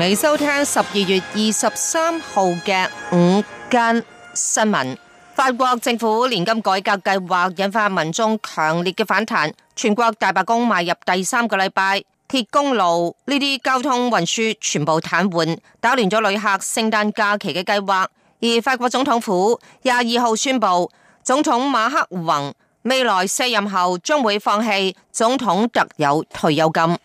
你收聽十二月二十三號嘅午間新聞。法國政府年金改革計劃引發民眾強烈嘅反彈，全國大罷工邁入第三個禮拜，鐵公路呢啲交通運輸全部癱瘓，打亂咗旅客聖誕假期嘅計劃。而法國總統府廿二號宣布，總統馬克宏未來卸任後將會放棄總統特有退休金。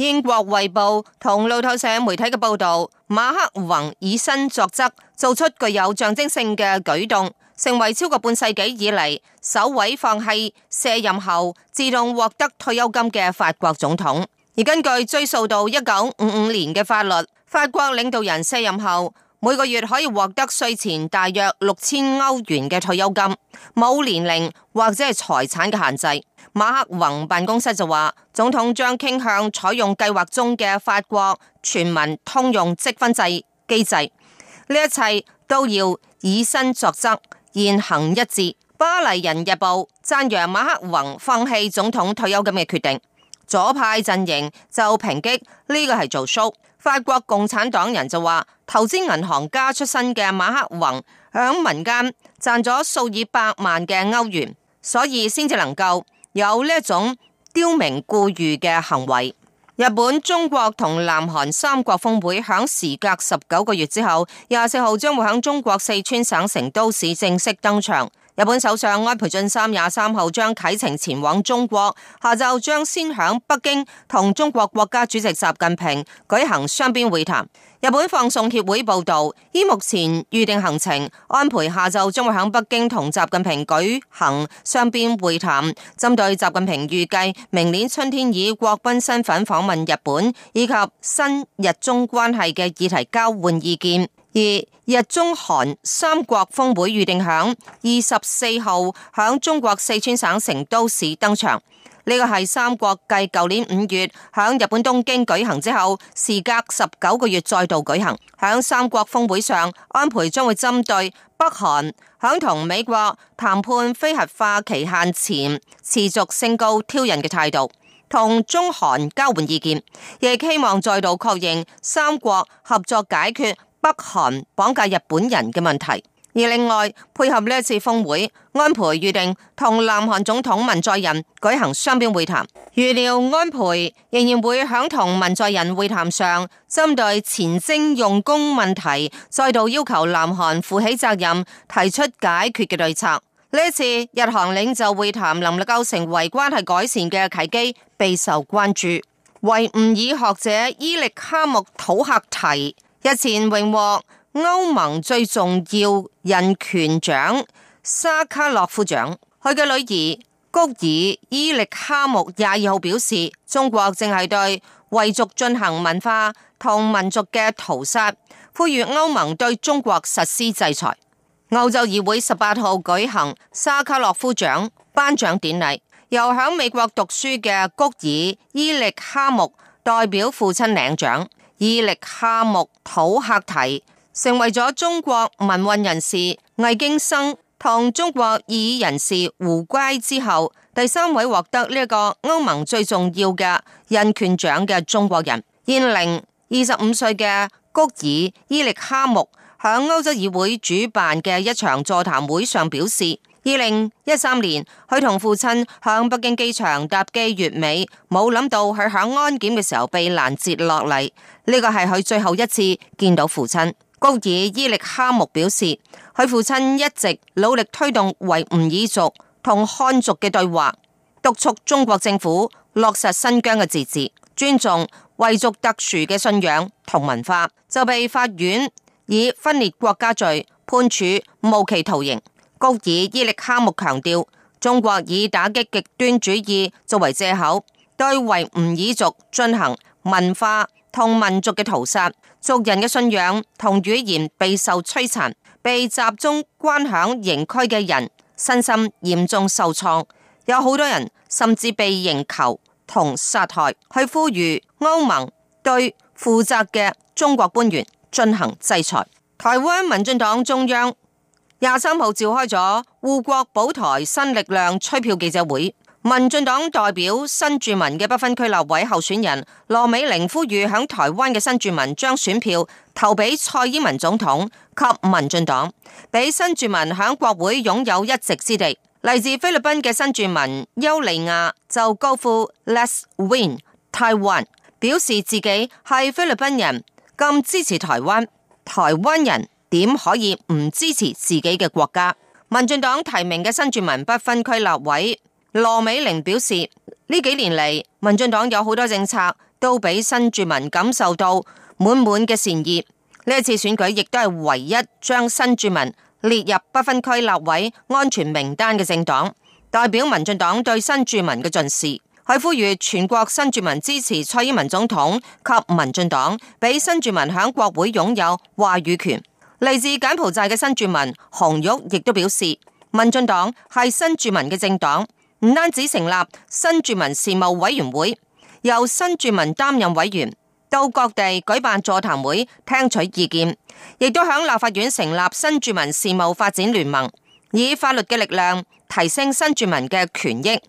英國衛報同路透社媒體嘅報道，馬克宏以身作則，做出具有象徵性嘅舉動，成為超過半世紀以嚟首位放棄卸任後自動獲得退休金嘅法國總統。而根據追溯到一九五五年嘅法律，法國領導人卸任後，每個月可以獲得稅前大約六千歐元嘅退休金，冇年齡或者係財產嘅限制。馬克宏辦公室就話，總統將傾向採用計劃中嘅法國全民通用積分制機制。呢一切都要以身作則，言行一致。巴黎人日報讚揚馬克宏放棄總統退休金嘅決定，左派陣營就抨擊呢個係做 show。法國共產黨人就話，投資銀行家出身嘅馬克宏，響民間賺咗數以百萬嘅歐元，所以先至能夠有呢一種釣名沽譽嘅行為。日本、中國同南韓三國峰會響時隔十九個月之後，廿四號將會響中國四川省成都市正式登場。日本首相安倍晉三廿三號將啟程前往中國，下晝將先響北京同中國國家主席習近平舉行雙邊會談。日本放送協會報道，依目前預定行程，安倍下晝將會響北京同習近平舉行雙邊會談，針對習近平預計明年春天以國賓身份訪問日本以及新日中關係嘅議題交換意見。而日中韓三國峰會預定響二十四號響中國四川省成都市登場。呢個係三國繼舊年五月響日本東京舉行之後，時隔十九個月再度舉行。響三國峰會上，安倍將會針對北韓響同美國談判非核化期限前持續升高挑釁嘅態度，同中韓交換意見，亦希望再度確認三國合作解決北韓綁架日本人嘅問題，而另外配合呢一次峰會，安倍預定同南韓總統文在寅舉行雙邊會談。預料安倍仍然會響同文在寅會談上，針對前徵用工問題，再度要求南韓負起責任，提出解決嘅對策。呢一次日韓領袖會談能夠成為關係改善嘅契機，備受關注。維吾爾學者伊力哈木土赫提，日前榮獲歐盟最重要人權獎沙卡洛夫獎，佢嘅女兒谷爾伊力哈木廿二號表示，中國正係對維族進行文化同民族嘅屠殺，呼籲歐盟對中國實施制裁。歐洲議會十八號舉行沙卡洛夫獎頒獎典禮，由響美國讀書嘅谷爾伊力哈木代表父親領獎。伊力哈木土克提成為咗中國民運人士魏京生同中國異議人士胡佳之後第三位獲得呢一個歐盟最重要嘅人權獎嘅中國人。現年二十五歲嘅谷爾伊力哈木。響歐洲議會主辦嘅一場座談會上表示，二零一三年佢同父親向北京機場搭機越美，冇諗到佢響安檢嘅時候被攔截落嚟。呢個係佢最後一次見到父親。高爾伊力哈木表示，佢父親一直努力推動維吾爾族同漢族嘅對話，督促中國政府落實新疆嘅自治，尊重維族特殊嘅信仰同文化，就被法院。以分裂國家罪判處無期徒刑。高爾伊力哈木強調，中國以打擊極端主義作為借口，對維吾爾族進行文化同民族嘅屠殺，族人嘅信仰同語言備受摧殘，被集中關喺營區嘅人身心嚴重受創，有好多人甚至被刑求同殺害。去呼籲歐盟對負責嘅中國官員進行制裁。台灣民進黨中央廿三號召開咗護國保台新力量催票記者會，民進黨代表新住民嘅不分區立委候選人羅美玲呼籲，響台灣嘅新住民將選票投俾蔡英文總統及民進黨，俾新住民響國會擁有一席之地。嚟自菲律賓嘅新住民尤利亞就高呼 Let's Win Taiwan，表示自己係菲律賓人。咁支持台灣，台灣人點可以唔支持自己嘅國家？民進黨提名嘅新住民不分區立委羅美玲表示，呢幾年嚟，民進黨有好多政策都俾新住民感受到滿滿嘅善意。呢一次選舉亦都係唯一將新住民列入不分區立委安全名單嘅政黨，代表民進黨對新住民嘅珍視。佢呼籲全國新住民支持蔡英文總統及民進黨，俾新住民響國會擁有話語權。嚟自柬埔寨嘅新住民洪玉亦都表示，民進黨係新住民嘅政黨，唔單止成立新住民事務委員會，由新住民擔任委員，到各地舉辦座談會聽取意見，亦都響立法院成立新住民事務發展聯盟，以法律嘅力量提升新住民嘅權益。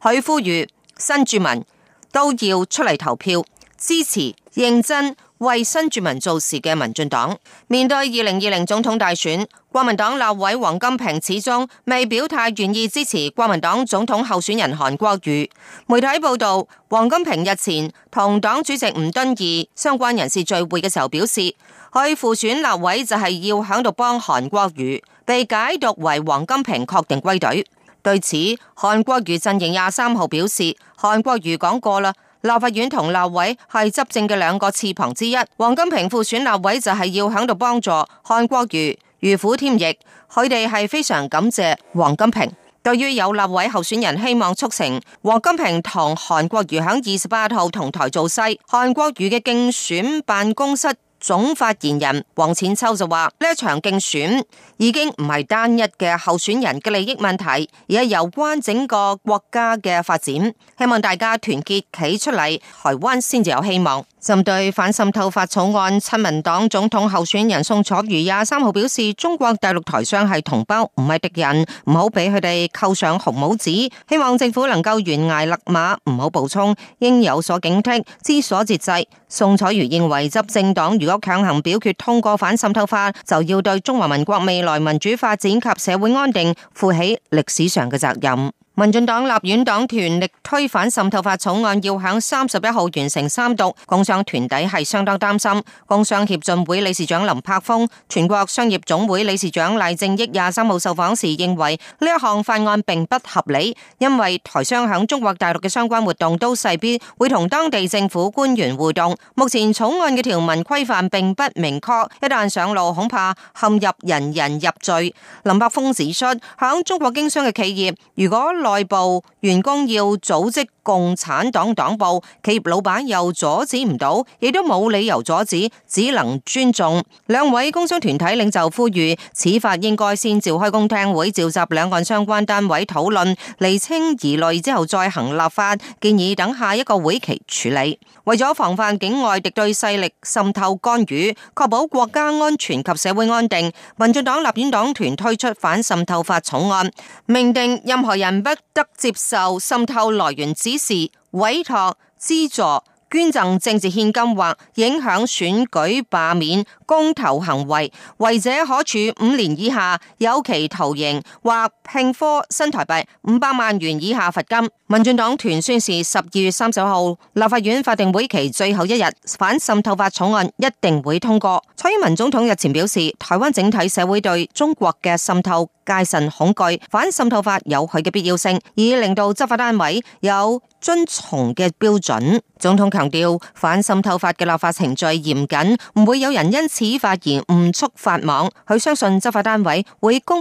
佢呼籲，新住民都要出嚟投票支持，認真為新住民做事嘅民進黨。面對二零二零總統大選，國民黨立委王金平始終未表態願意支持國民黨總統候選人韓國瑜。媒體報道，王金平日前同黨主席吳敦義相關人士聚會嘅時候表示，去輔選立委就係要響度幫韓國瑜，被解讀為王金平確定歸隊。對此，韓國瑜陣營廿三號表示，韓國瑜講過啦，立法院同立委係執政嘅兩個翅膀之一。王金平輔選立委就係要喺度幫助韓國瑜，如虎添翼。佢哋係非常感謝王金平。對於有立委候選人希望促成，王金平同韓國瑜喺二十八號同台造勢，韓國瑜嘅競選辦公室。總發言人王淺秋就話：呢一場競選已經唔係單一嘅候選人嘅利益問題，而係有關整個國家嘅發展。希望大家團結企出嚟，台灣先至有希望。針對反滲透法草案，親民黨總統候選人宋楚瑜廿三號表示，中國大陸台商係同胞，唔係敵人，唔好俾佢哋扣上紅帽子。希望政府能夠懸崖勒馬，唔好暴衝，應有所警惕，知所節制。宋楚瑜認為，執政黨如果強行表決通過反滲透法，就要對中華民國未來民主發展及社會安定負起歷史上嘅責任。民進黨立院黨團力推反滲透法草案，要喺三十一號完成三讀，工商團體係相當擔心。工商協進會理事長林柏峰、全國商業總會理事長賴正益廿三號受訪時認為，呢一項法案並不合理，因為台商喺中國大陸嘅相關活動都勢必會同當地政府官員互動。目前草案嘅條文規範並不明確，一旦上路，恐怕陷入人人入罪。林柏峰指出，響中國經商嘅企業如果內部員工要組織共產黨黨部，企業老闆又阻止唔到，亦都冇理由阻止，只能尊重。兩位工商團體領袖呼籲，此法應該先召開公聽會，召集兩岸相關單位討論釐清疑慮之後再行立法，建議等下一個會期處理。為咗防範境外敵對勢力滲透干預，確保國家安全及社會安定，民進黨立院黨團推出反滲透法草案，明定任何人不得接受滲透來源指示、委託、資助、捐贈、政治獻金或影響選舉罷免公投行為，違者可處五年以下有期徒刑或併科新台幣五百萬元以下罰金。民進黨團宣示，十二月三十號立法院法定會期最後一日，反滲透法草案一定會通過。蔡英文總統日前表示，台灣整體社會對中國嘅滲透戒慎恐懼，反滲透法有佢嘅必要性，以令到執法單位有遵從嘅標準。總統強調，反滲透法嘅立法程序嚴謹，唔會有人因此發言誤觸法網。佢相信執法單位會公。